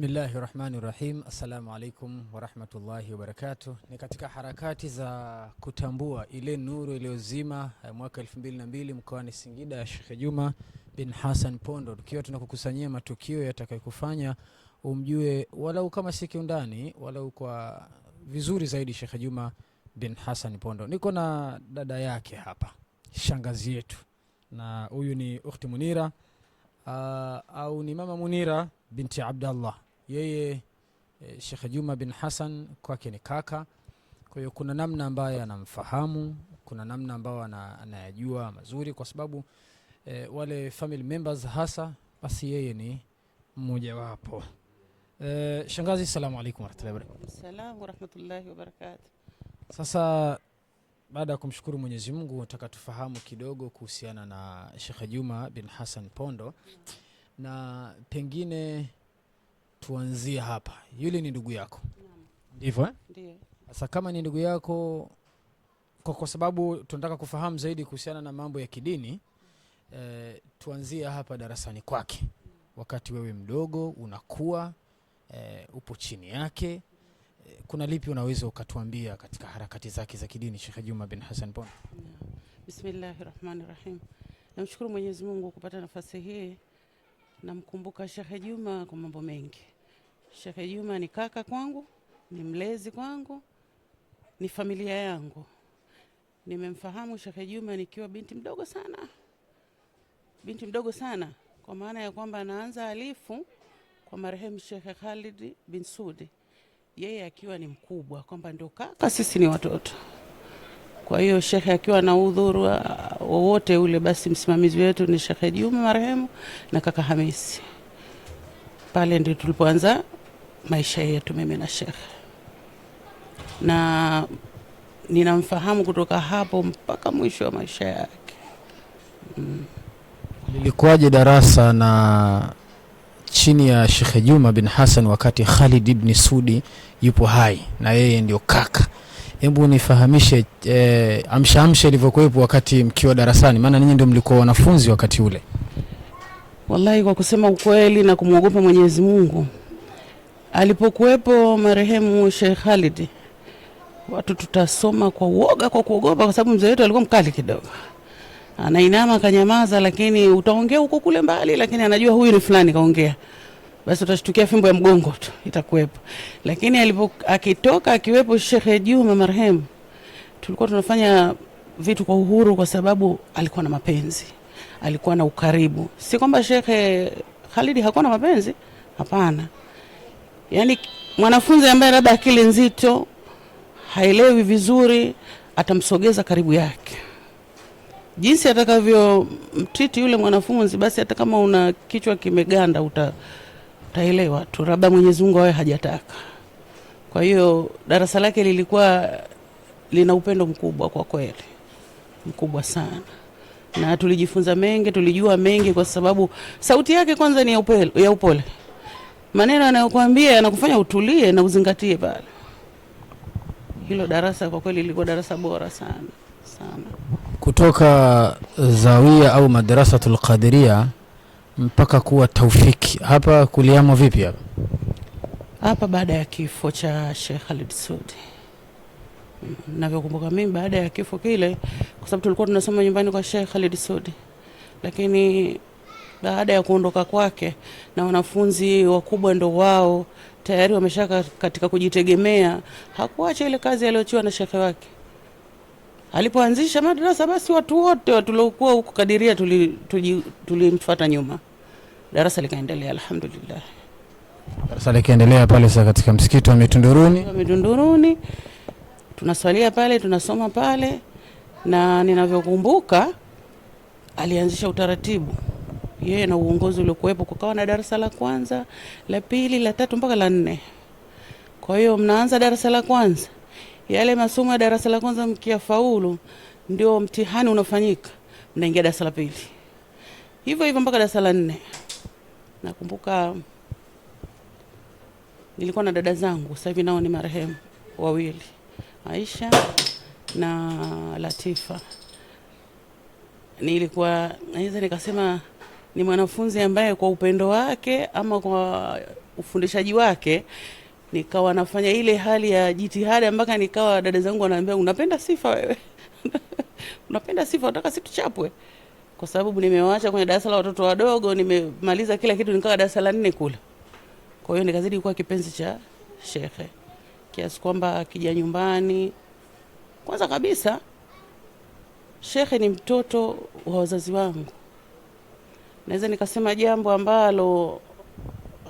Bismillahi rahmani rahim. Assalamu alaikum warahmatullahi wabarakatu Ni katika harakati za kutambua ile nuru iliyozima eh, mwaka 2002 mkoani Singida ya shekhe Juma bin Hassan Pondo, tukiwa tunakukusanyia matukio yatakayokufanya umjue walau kama si kiundani, walau kwa vizuri zaidi shekhe Juma bin Hassan Pondo. Niko na dada yake hapa, shangazi yetu, na huyu ni ukhti Munira uh, au ni mama Munira binti Abdallah yeye e, Sheikh Juma bin Hassan kwake ni kaka. Kwa hiyo kuna namna ambayo anamfahamu, kuna namna ambayo anayajua mazuri, kwa sababu e, wale family members hasa, basi yeye ni mmoja wapo. E, eh, shangazi, salamu alaykum warahmatullahi wabarakatuh. Sasa baada ya kumshukuru Mwenyezi Mungu, nataka tufahamu kidogo kuhusiana na Sheikh Juma bin Hassan Pondo na pengine tuanzie hapa. Yule ni ndugu yako, ndivyo eh? Sasa kama ni ndugu yako kwa, kwa sababu tunataka kufahamu zaidi kuhusiana na mambo ya kidini eh, tuanzie hapa darasani kwake, wakati wewe mdogo unakuwa eh, upo chini yake eh, kuna lipi unaweza ukatuambia katika harakati zake za kidini Sheikh Juma bin Hassan Ponda? Bismillahirrahmanirrahim. Namshukuru Mwenyezi Mungu kupata nafasi hii Namkumbuka Shekhe Juma kwa mambo mengi. Shekhe Juma ni kaka kwangu, ni mlezi kwangu, ni familia yangu. Nimemfahamu Shekhe Juma nikiwa binti mdogo sana, binti mdogo sana, kwa maana ya kwamba anaanza alifu kwa marehemu Shekhe Khalid bin Sudi, yeye akiwa ni mkubwa, kwamba ndio kaka, sisi ni watoto. Kwa hiyo shekhe akiwa na udhuru wowote ule, basi msimamizi wetu ni Shekhe Juma marehemu na kaka Hamisi. Pale ndio tulipoanza maisha yetu mimi na shekhe, na ninamfahamu kutoka hapo mpaka mwisho wa maisha yake. Mm. Lilikuwaje darasa na chini ya Shekhe Juma bin Hassan wakati Khalid ibn Sudi yupo hai na yeye ndio kaka hebu nifahamishe e, eh, amshaamsha ilivyokuwepo wakati mkiwa darasani, maana ninyi ndio mlikuwa wanafunzi wakati ule? Wallahi, kwa kusema ukweli na kumwogopa Mwenyezi Mungu, alipokuwepo marehemu Sheikh Khalid, watu tutasoma kwa uoga, kwa kuogopa, kwa sababu mzee wetu alikuwa mkali kidogo, anainama, akanyamaza, lakini utaongea huko kule mbali, lakini anajua huyu ni fulani kaongea basi utashtukia fimbo ya mgongo tu itakuwepo. Lakini alipo akitoka akiwepo shekhe Juma marehemu, tulikuwa tunafanya vitu kwa uhuru, kwa sababu alikuwa na mapenzi, alikuwa na ukaribu. Si kwamba shekhe Khalidi hakuwa na mapenzi, hapana. Yani mwanafunzi ambaye labda akili nzito haelewi vizuri, atamsogeza karibu yake jinsi mtiti yule mwanafunzi, basi hata kama una kichwa kimeganda uta taelewa tu, labda Mwenyezi Mungu awe hajataka. Kwa hiyo darasa lake lilikuwa lina upendo mkubwa kwa kweli, mkubwa sana, na tulijifunza mengi, tulijua mengi, kwa sababu sauti yake kwanza ni ya upole, ya upole. Maneno anayokuambia yanakufanya utulie na uzingatie pale. Hilo darasa kwa kweli lilikuwa darasa bora sana sana. Kutoka Zawiya au Madrasatul Qadiria mpaka kuwa taufiki. Hapa kuliamo vipi hapa hapa? Baada ya kifo cha Sheikh Khalid Sudi, navyokumbuka mimi, baada ya kifo kile, kwa sababu tulikuwa tunasoma nyumbani kwa Sheikh Khalid Sudi, lakini baada ya kuondoka kwake na wanafunzi wakubwa ndo wao tayari wameshaka katika kujitegemea, hakuacha ile kazi aliyochiwa na shekhe wake. Alipoanzisha madrasa, basi watu wote tuliokuwa huko kadiria tulimfuata tuli, tuli nyuma darasa likaendelea, alhamdulillah. Darasa likaendelea pale sasa katika msikiti wa Mitunduruni, Mitunduruni tunaswalia pale, tunasoma pale, na ninavyokumbuka alianzisha utaratibu yeye na uongozi uliokuwepo, kukawa na darasa la kwanza, la pili, la tatu mpaka la nne. Kwa hiyo mnaanza darasa la kwanza, yale masomo ya darasa la kwanza mkiyafaulu, ndio mtihani unafanyika, mnaingia darasa la pili, hivyo hivyo mpaka darasa la nne. Nakumbuka nilikuwa na dada zangu, sasa hivi nao ni marehemu wawili, Aisha na Latifa. Nilikuwa naweza nikasema ni mwanafunzi ambaye kwa upendo wake ama kwa ufundishaji wake nikawa nafanya ile hali ya jitihada mpaka nikawa dada zangu wananiambia, unapenda sifa wewe unapenda sifa, unataka situchapwe kwa sababu nimewaacha kwenye darasa la watoto wadogo, nimemaliza kila kitu, nikawa darasa la nne kule. Kwa hiyo nikazidi kuwa kipenzi cha shekhe kiasi kwamba akija nyumbani, kwanza kabisa shekhe ni mtoto wa wazazi wangu, naweza nikasema jambo ambalo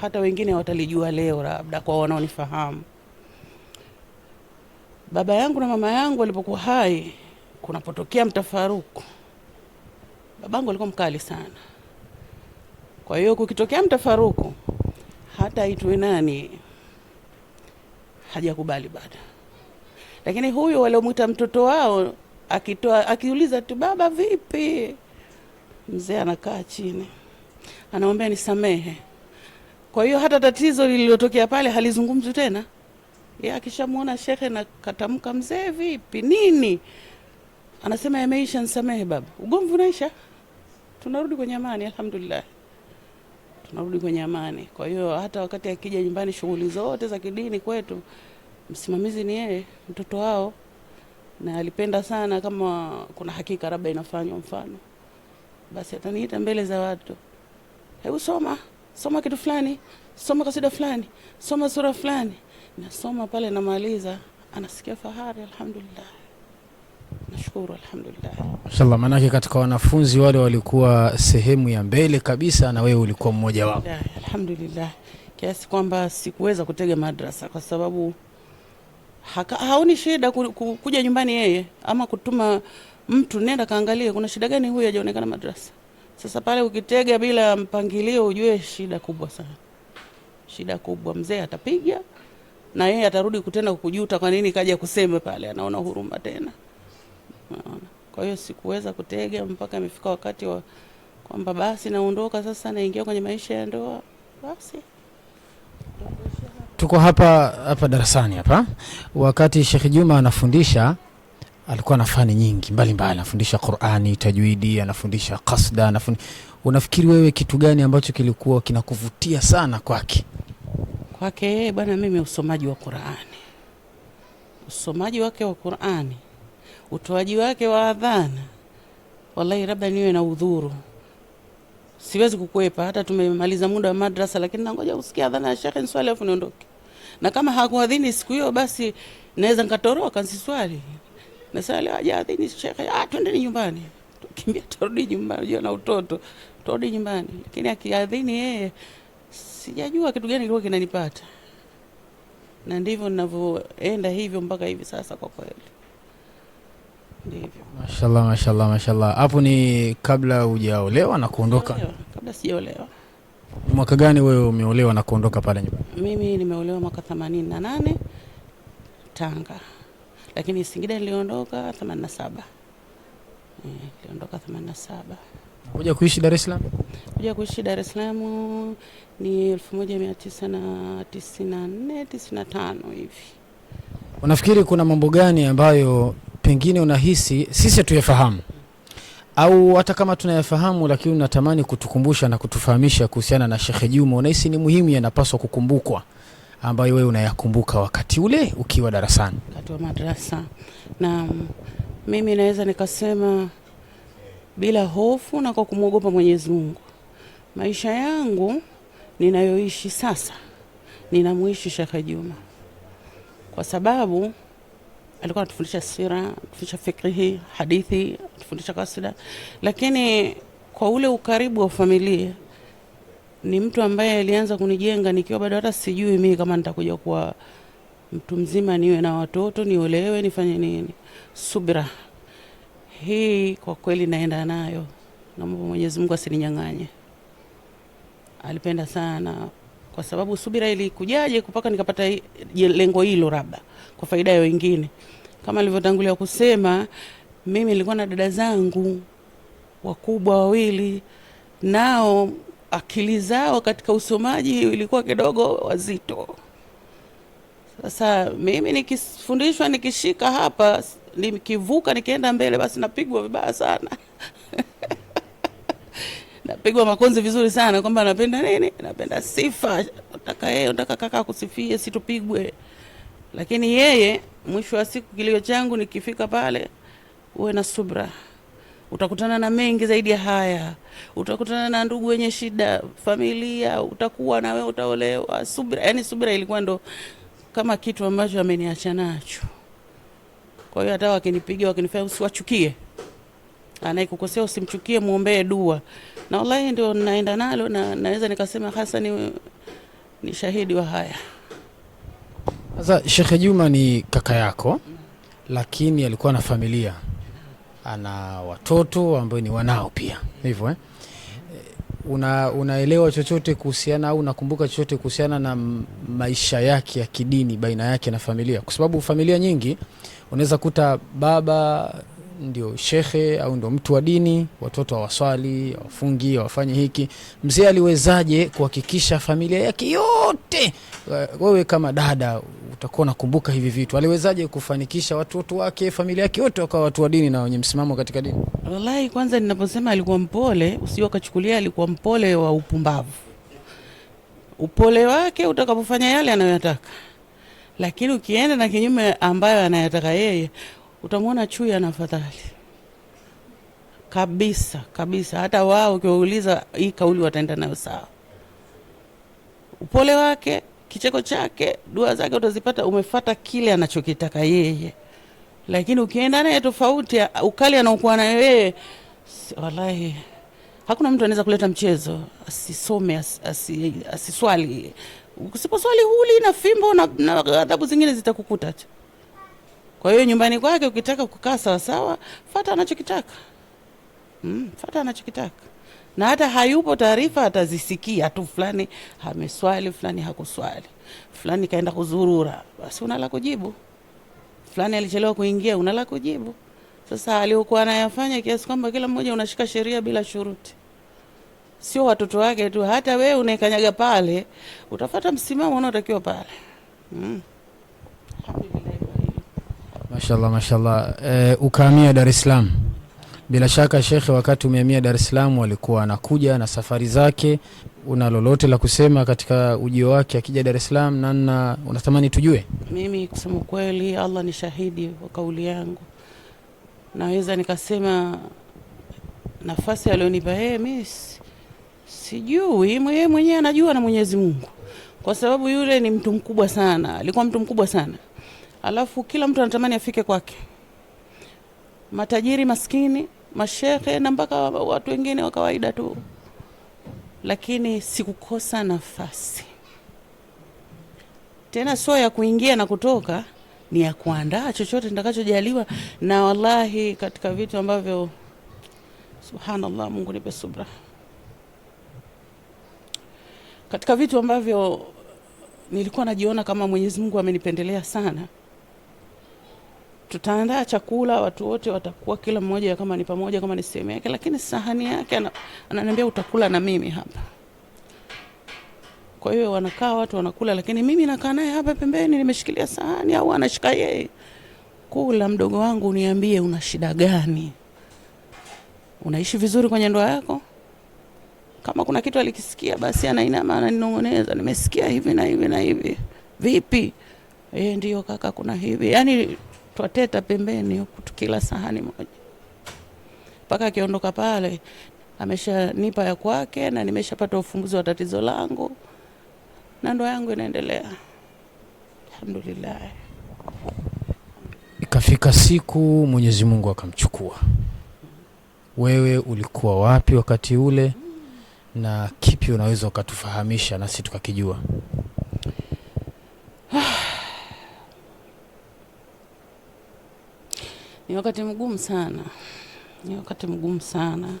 hata wengine watalijua leo, labda kwa wanaonifahamu. Baba yangu na mama yangu walipokuwa hai, kunapotokea mtafaruku Babangu alikuwa mkali sana, kwa hiyo kukitokea mtafaruku, hata itwe nani, hajakubali bado. Lakini huyu waliomwita mtoto wao akitoa akiuliza tu baba vipi, mzee anakaa chini anaombea nisamehe. Kwa hiyo hata tatizo lililotokea pale halizungumzwi tena. ye akishamwona shekhe na katamka mzee vipi nini, anasema yameisha, nisamehe baba, ugomvi unaisha tunarudi kwenye amani, alhamdulillah, tunarudi kwenye amani. Kwa hiyo hata wakati akija nyumbani, shughuli zote za kidini kwetu msimamizi ni yeye, mtoto wao, na alipenda sana kama kuna hakika labda inafanywa mfano, basi ataniita mbele za watu, hebu soma soma kitu fulani, soma kasida fulani, soma sura fulani, nasoma pale, namaliza, anasikia fahari, alhamdulillah. Nashukuru alhamdulillah. Mashallah, maanake katika wanafunzi wale walikuwa sehemu ya mbele kabisa, na wewe ulikuwa mmoja wao. Alhamdulillah, kiasi kwamba sikuweza kutega madrasa kwa sababu haka, haoni shida kuja nyumbani yeye ama kutuma mtu nenda kaangalie kuna shida gani, huyu hajaonekana madrasa. Sasa pale ukitega bila mpangilio, ujue shida kubwa sana, shida kubwa. Mzee atapiga na yeye atarudi kutenda kukujuta, kwa nini kaja kusema pale, anaona huruma tena. Unaona, kwa hiyo sikuweza kutega mpaka imefika wakati wa kwamba basi naondoka sasa, naingia kwenye maisha ya ndoa. Basi tuko hapa hapa darasani hapa, wakati Sheikh Juma anafundisha alikuwa na fani nyingi mbalimbali, anafundisha Qur'ani, tajwidi, anafundisha kasda, anafundisha. Unafikiri wewe kitu gani ambacho kilikuwa kinakuvutia sana kwake? Kwake yeye bwana, mimi usomaji wa Qur'ani, usomaji wake wa Qur'ani utoaji wake wa adhana, wallahi labda niwe na udhuru, siwezi kukwepa. Hata tumemaliza muda wa madrasa, lakini nangoja usikia adhana ya shekhe nswali, afu niondoke, na kama hakuadhini siku hiyo, basi naweza nikatoroka nsiswali. Nasema leo hajaadhini shekhe, ah, twendeni nyumbani, tukimbia turudi nyumbani, jua na utoto, turudi nyumbani. Lakini akiadhini yeye, sijajua kitu gani kilikuwa kinanipata, na ndivyo ninavyoenda hivyo mpaka hivi sasa kwa kweli. Ndivyo. Mashallah, mashallah, mashallah. Hapo ni kabla hujaolewa na kuondoka? Kabla sijaolewa. Mwaka gani wewe umeolewa na kuondoka pale nyumbani? Mimi nimeolewa mwaka themanini na nane Tanga, lakini Singida niliondoka themanina 87. Eh, niliondoka saba Kuja kuishi Dar es Salaam? Kuja kuishi Dar es Salaam ni 1994 tano hivi. Unafikiri kuna mambo gani ambayo pengine unahisi sisi hatuyafahamu au hata kama tunayafahamu, lakini unatamani kutukumbusha na kutufahamisha kuhusiana na Sheikh Juma, unahisi ni muhimu, yanapaswa kukumbukwa, ambayo wewe unayakumbuka wakati ule ukiwa darasani, wakati wa madrasa. Na mimi naweza nikasema bila hofu na kwa kumwogopa Mwenyezi Mungu, maisha yangu ninayoishi sasa ninamuishi Sheikh Juma kwa sababu alikuwa anatufundisha sira, anatufundisha fikihi, hadithi, anatufundisha kasida, lakini kwa ule ukaribu wa familia ni mtu ambaye alianza kunijenga nikiwa bado hata sijui mimi kama nitakuja kuwa mtu mzima, niwe na watoto, niolewe, nifanye nini. Subira hii kwa kweli naenda nayo, naomba Mwenyezi Mungu asininyang'anye. Alipenda sana kwa sababu subira ilikujaje mpaka nikapata lengo hilo, labda kwa faida ya wengine. Kama nilivyotangulia kusema, mimi nilikuwa na dada zangu wakubwa wawili, nao akili zao katika usomaji ilikuwa kidogo wazito. Sasa mimi nikifundishwa, nikishika hapa, nikivuka, nikienda mbele, basi napigwa vibaya sana. napigwa makonzi vizuri sana kwamba napenda nini, napenda sifa, nataka yeye, nataka kaka kusifie, situpigwe. Lakini yeye mwisho wa siku, kilio changu nikifika pale, uwe na subra, utakutana na mengi zaidi ya haya, utakutana na ndugu wenye shida, familia, utakuwa na wewe utaolewa. Subra, yani subra ilikuwa ndo kama kitu ambacho ameniacha nacho. Kwa hiyo hata wakinipiga wakinifanya, usiwachukie, anayekukosea usimchukie, muombee dua na wallahi ndio naenda nalo na naweza nikasema hasa ni, ni shahidi wa haya. Sasa Sheikh Juma ni kaka yako, lakini alikuwa na familia, ana watoto ambao ni wanao pia hivyo eh? Una, unaelewa chochote kuhusiana au unakumbuka chochote kuhusiana na maisha yake ya kidini baina yake na familia? Kwa sababu familia nyingi unaweza kuta baba ndio shekhe au ndio mtu wa dini, watoto hawaswali, hawafungi, hawafanye hiki, mzee aliwezaje kuhakikisha familia yake yote? Uh, wewe kama dada utakuwa unakumbuka hivi vitu, aliwezaje kufanikisha watoto wake, familia yake yote wakawa watu wa dini na wenye msimamo katika dini? Wallahi, kwanza ninaposema alikuwa mpole, usio akachukulia alikuwa mpole wa upumbavu. Upole wake utakapofanya yale anayoyataka, lakini ukienda na kinyume ambayo anayataka yeye utamwona chui ana fadhali kabisa kabisa. Hata wao ukiwauliza hii kauli wataenda nayo sawa. Upole wake, kicheko chake, dua zake utazipata, umefata kile anachokitaka yeye. Lakini ukienda naye tofauti, ukali anaokuwa nayo yeye, wallahi hakuna mtu anaweza kuleta mchezo asisome as, asi, asiswali. Usiposwali huli na fimbo na adhabu zingine zitakukuta tu. Kwa hiyo nyumbani kwake ukitaka kukaa sawasawa, fata anachokitaka mm, fata anachokitaka na hata hayupo, taarifa atazisikia tu, fulani ameswali, fulani hakuswali, fulani kaenda kuzurura, basi unala kujibu, fulani alichelewa kuingia, unala kujibu. Sasa aliokuwa anayafanya kiasi kwamba kila mmoja unashika sheria bila shuruti, sio watoto wake tu, hata wewe unaekanyaga pale utafata msimamo unaotakiwa pale mm. Mashallah, mashallah. E, eh, ukahamia Dar es Salaam. Bila shaka shekhe, wakati umehamia Dar es Salaam walikuwa anakuja na safari zake. Una lolote la kusema katika ujio wake akija Dar es Salaam na unatamani tujue? Mimi kusema kweli, Allah ni shahidi wa kauli yangu, naweza nikasema nafasi alionipa yeye mimi sijui, yeye mwenyewe anajua na Mwenyezi Mungu, kwa sababu yule ni mtu mkubwa sana, alikuwa mtu mkubwa sana alafu kila mtu anatamani afike kwake, matajiri, maskini, mashehe na mpaka watu wengine wa kawaida tu, lakini sikukosa nafasi tena sio ya kuingia na kutoka, ni ya kuandaa chochote nitakachojaliwa. Na wallahi katika vitu ambavyo subhanallah, Mungu nipe subra, katika vitu ambavyo nilikuwa najiona kama Mwenyezi Mungu amenipendelea sana tutaandaa chakula, watu wote watakuwa, kila mmoja kama ni pamoja, kama ni sehemu yake, lakini sahani yake ananiambia utakula na mimi hapa. Kwa hiyo wanakaa watu wanakula, lakini mimi nakaa naye hapa pembeni, nimeshikilia sahani au anashika yeye. Kula mdogo wangu, niambie una shida gani? Unaishi vizuri kwenye ndoa yako? Kama kuna kitu alikisikia, basi anainama ananinong'oneza, nimesikia hivi na hivi na hivi, vipi? E, ndio kaka, kuna hivi, yaani twateta pembeni huku tukila sahani moja, mpaka akiondoka pale ameshanipa ya kwake na nimeshapata ufumbuzi wa tatizo langu na ndoa yangu inaendelea, alhamdulillah. Ikafika siku Mwenyezi Mungu akamchukua. Wewe ulikuwa wapi wakati ule, na kipi unaweza ukatufahamisha nasi tukakijua? Ah, Ni wakati mgumu sana, ni wakati mgumu sana.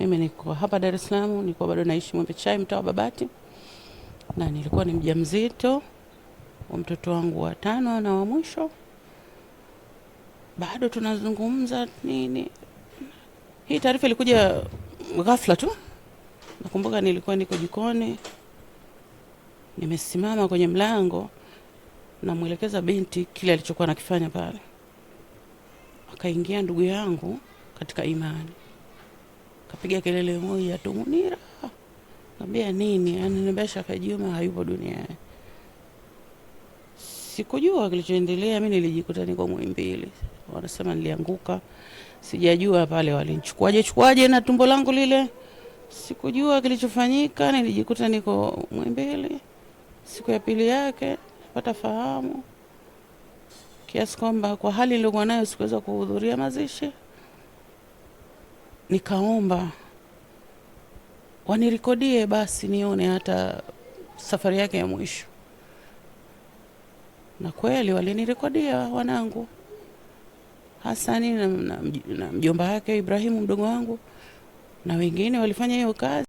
Mimi niko hapa Dar es Salaam, niko bado naishi Mwembe Chai, mtaa wa Babati, na nilikuwa ni mjamzito wa mtoto wangu wa tano na wa mwisho. Bado tunazungumza nini. Hii taarifa ilikuja ghafla tu. Nakumbuka nilikuwa niko jikoni, nimesimama kwenye mlango, namwelekeza binti kile alichokuwa nakifanya pale akaingia ndugu yangu katika imani, kapiga kelele moja tu, Munira, kambia nini? Ananiambia Shaka hayupo duniani. Sikujua kilichoendelea, mi nilijikuta niko mwimbili wanasema nilianguka, sijajua pale walinichukuaje chukuaje na tumbo langu lile, sikujua kilichofanyika, nilijikuta niko mwimbili Siku ya pili yake pata fahamu kiasi kwamba kwa hali niliyokuwa nayo sikuweza kuhudhuria mazishi. Nikaomba wanirikodie basi nione hata safari yake ya mwisho, na kweli walinirikodia wanangu Hasani na, na, na mjomba wake Ibrahimu mdogo wangu na wengine walifanya hiyo kazi.